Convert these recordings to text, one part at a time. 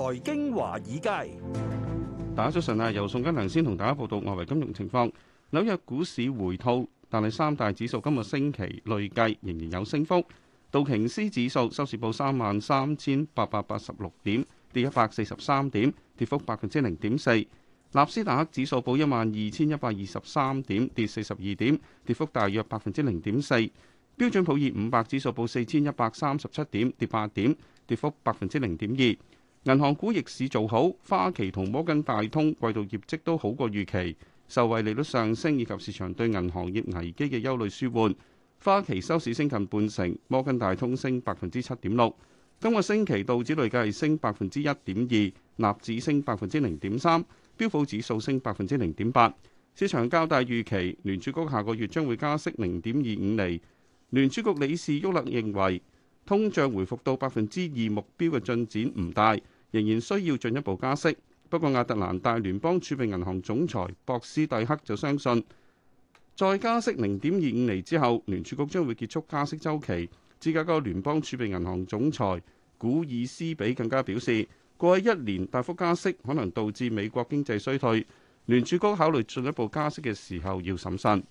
財經華爾街，大家早晨啊！由宋金良先同大家報道外圍金融情況。紐約股市回吐，但係三大指數今個星期累計仍然有升幅。道瓊斯指數收市報三萬三千八百八十六點，跌一百四十三點，跌幅百分之零點四。納斯達克指數報一萬二千一百二十三點，跌四十二點，跌幅大約百分之零點四。標準普爾五百指數報四千一百三十七點，跌八點，跌幅百分之零點二。銀行股逆市做好，花旗同摩根大通季度業績都好過預期，受惠利率上升以及市場對銀行業危機嘅憂慮舒緩。花旗收市升近半成，摩根大通升百分之七點六。今個星期道指累計升百分之一點二，納指升百分之零點三，標普指數升百分之零點八。市場較大預期，聯儲局下個月將會加息零點二五厘。聯儲局理事沃勒認為。通脹回復到百分之二目標嘅進展唔大，仍然需要進一步加息。不過，亞特蘭大聯邦儲備銀行總裁博斯蒂克就相信，再加息零點二五厘之後，聯儲局將會結束加息周期。芝加哥聯邦儲備銀行總裁古爾斯比更加表示，過去一年大幅加息可能導致美國經濟衰退。聯儲局考慮進一步加息嘅時候要審慎。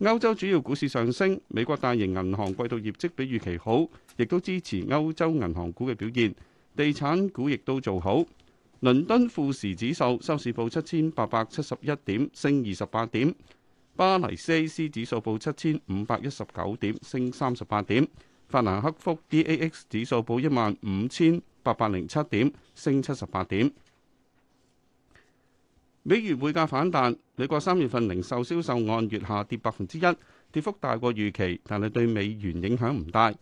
歐洲主要股市上升，美國大型銀行季度業績比預期好，亦都支持歐洲銀行股嘅表現。地產股亦都做好。倫敦富時指數收市報七千八百七十一點，升二十八點。巴黎 CAC 指數報七千五百一十九點，升三十八點。法蘭克福 DAX 指數報一萬五千八百零七點，升七十八點。美元匯價反彈。美國三月份零售銷售按月下跌百分之一，跌幅大過預期，但係對美元影響唔大。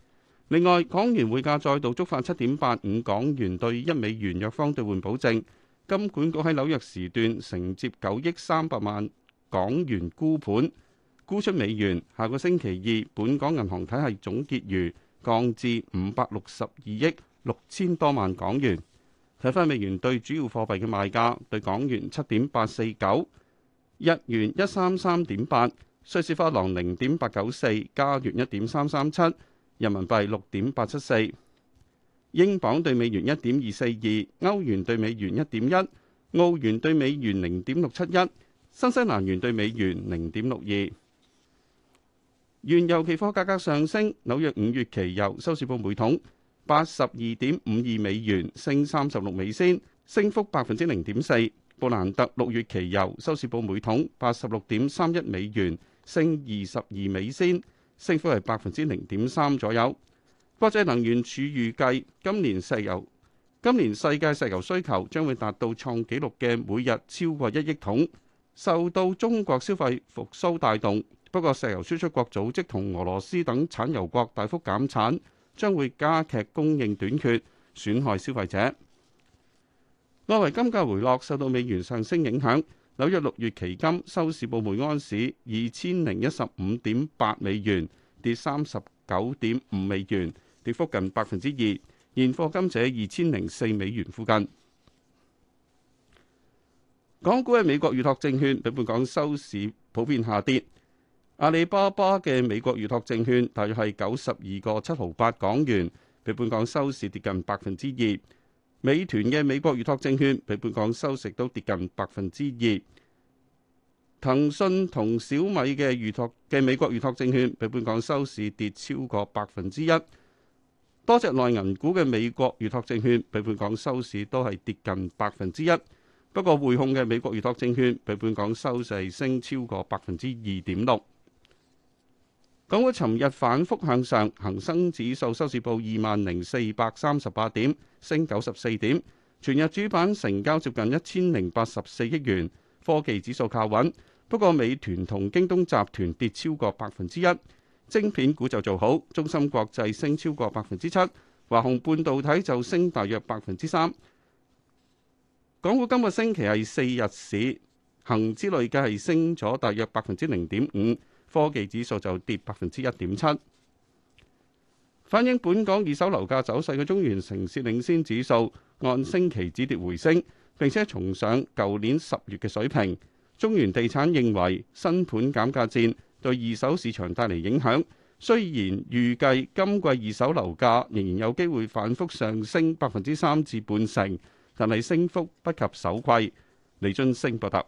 另外，港元匯價再度觸發七點八五港元對一美元弱方兌換保證。金管局喺紐約時段承接九億三百萬港元沽盤，沽出美元。下個星期二，本港銀行體系總結餘降至五百六十二億六千多萬港元。睇返美元對主要貨幣嘅賣價，對港元七點八四九。日元一三三點八，瑞士法郎零點八九四，加元一點三三七，人民幣六點八七四，英鎊兌美元一點二四二，歐元兌美元一點一，澳元兌美元零點六七一，新西蘭元兌美元零點六二。原油期貨價格上升，紐約五月期油收市報每桶八十二點五二美元，升三十六美仙，升幅百分之零點四。布蘭特六月期油收市報每桶八十六點三一美元，升二十二美仙，升幅係百分之零點三左右。國際能源署預計今年石油今年世界石油需求將會達到創紀錄嘅每日超過一億桶，受到中國消費復甦帶動。不過，石油輸出國組織同俄羅斯等產油國大幅減產，將會加劇供應短缺，損害消費者。外圍金價回落，受到美元上升影響。紐約六月期金收市報每盎司二千零一十五點八美元，跌三十九點五美元，跌幅近百分之二。現貨金則喺二千零四美元附近。港股嘅美國預託證券，比本港收市普遍下跌。阿里巴巴嘅美國預託證券大約係九十二個七毫八港元，比本港收市跌近百分之二。美團嘅美國預託證券比本港收市都跌近百分之二，騰訊同小米嘅預託嘅美國預託證券比本港收市跌超過百分之一，多隻內銀股嘅美國預託證券比本港收市都係跌近百分之一，不過匯控嘅美國預託證券比本港收市升超過百分之二點六。港股尋日反覆向上，恒生指數收市報二萬零四百三十八點，升九十四點。全日主板成交接近一千零八十四億元。科技指數靠穩，不過美團同京東集團跌超過百分之一。晶片股就做好，中芯國際升超過百分之七，華虹半導體就升大約百分之三。港股今個星期係四日市，恒指累計係升咗大約百分之零點五。科技指數就跌百分之一點七，反映本港二手樓價走勢嘅中原城市領先指數按星期止跌回升，並且重上舊年十月嘅水平。中原地產認為新盤減價戰對二手市場帶嚟影響，雖然預計今季二手樓價仍然有機會反覆上升百分之三至半成，但係升幅不及首季。李俊陞報道。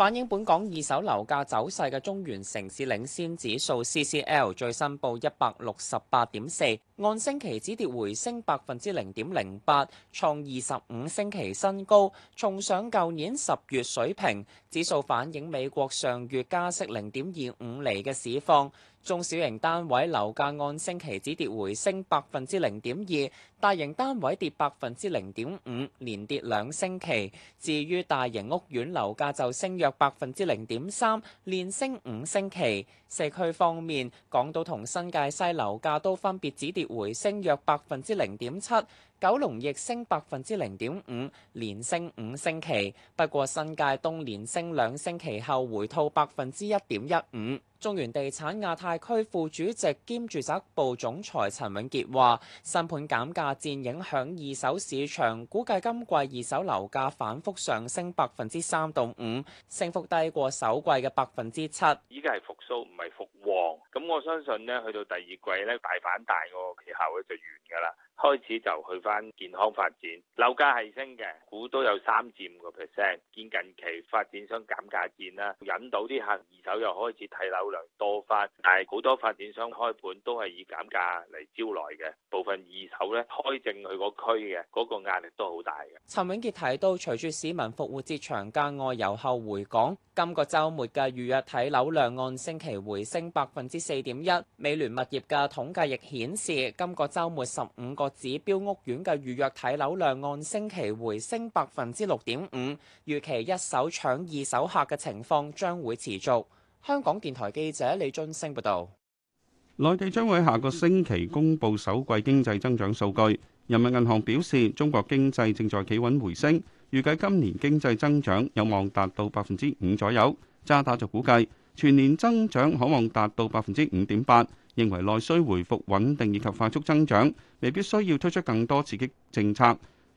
反映本港二手樓價走勢嘅中原城市領先指數 CCL 最新報一百六十八點四。按星期止跌回升百分之零點零八，創二十五星期新高，重上舊年十月水平。指數反映美國上月加息零點二五厘嘅市況。中小型單位樓價按星期止跌回升百分之零點二，大型單位跌百分之零點五，連跌兩星期。至於大型屋苑樓價就升約百分之零點三，連升五星期。社區方面，港島同新界西樓價都分別止跌。回升約百分之零點七。九龍亦升百分之零點五，連升五星期。不過新界東連升兩星期後回吐百分之一點一五。中原地產亞太區副主席兼住宅部總裁陳永傑話：新盤減價戰影響二手市場，估計今季二手樓價反覆上升百分之三到五，升幅低過首季嘅百分之七。依家係復蘇，唔係復旺。咁我相信咧，去到第二季咧，大反大嗰個氣候咧就完噶啦，開始就去翻。翻健康發展，樓價係升嘅，股都有三至五個 percent。見近期發展商減價戰啦，引導啲客人二手又開始睇樓量多翻，但係好多發展商開盤都係以減價嚟招來嘅。部分二手咧開正去個區嘅，嗰、那個壓力都好大嘅。陳永傑提到，隨住市民復活節長假外遊後回港，今個周末嘅預約睇樓量按星期回升百分之四點一。美聯物業嘅統計亦顯示，今個周末十五個指標屋苑。嘅預約睇樓量按星期回升百分之六點五，預期一手搶二手客嘅情況將會持續。香港電台記者李津升報道。內地將會下個星期公布首季經濟增長數據。人民銀行表示，中國經濟正在企穩回升，預計今年經濟增長有望達到百分之五左右。渣打就估計，全年增長可望達到百分之五點八。認為內需回復穩定以及快速增長，未必需要推出更多刺激政策，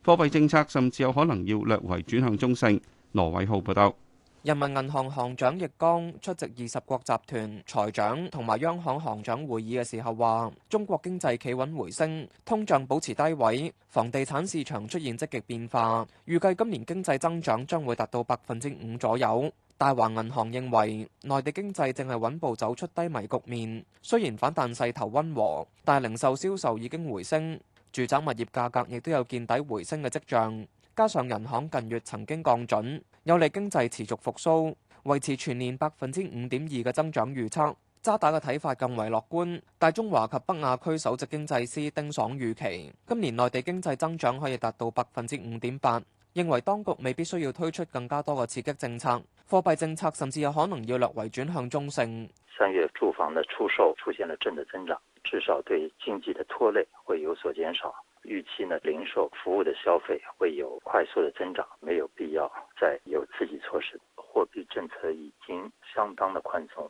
貨幣政策甚至有可能要略為轉向中性。羅偉浩報道，人民銀行行長易綱出席二十國集團財長同埋央行行長會議嘅時候話，中國經濟企穩回升，通脹保持低位，房地產市場出現積極變化，預計今年經濟增長將會達到百分之五左右。大華銀行認為，內地經濟正係穩步走出低迷局面。雖然反彈勢頭溫和，但零售銷售已經回升，住宅物業價格亦都有見底回升嘅跡象。加上銀行近月曾經降準，有利經濟持續復甦，維持全年百分之五點二嘅增長預測。渣打嘅睇法更為樂觀，大中華及北亞區首席經濟師丁爽預期，今年內地經濟增長可以達到百分之五點八。認為當局未必需要推出更加多嘅刺激政策，貨幣政策甚至有可能要略為轉向中性。三月住房的出售出現了正的增長，至少對經濟的拖累會有所減少。預期呢零售服務的消費會有快速的增長，沒有必要再有刺激措施。貨幣政策已經相當的寬鬆。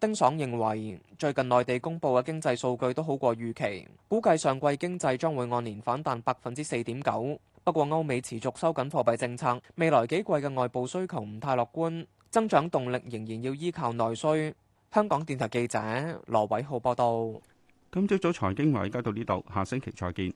丁爽認為，最近內地公布嘅經濟數據都好過預期，估計上季經濟將會按年反彈百分之四點九。不過歐美持續收緊貨幣政策，未來幾季嘅外部需求唔太樂觀，增長動力仍然要依靠內需。香港電台記者羅偉浩報道。今朝早財經華爾街到呢度，下星期再見。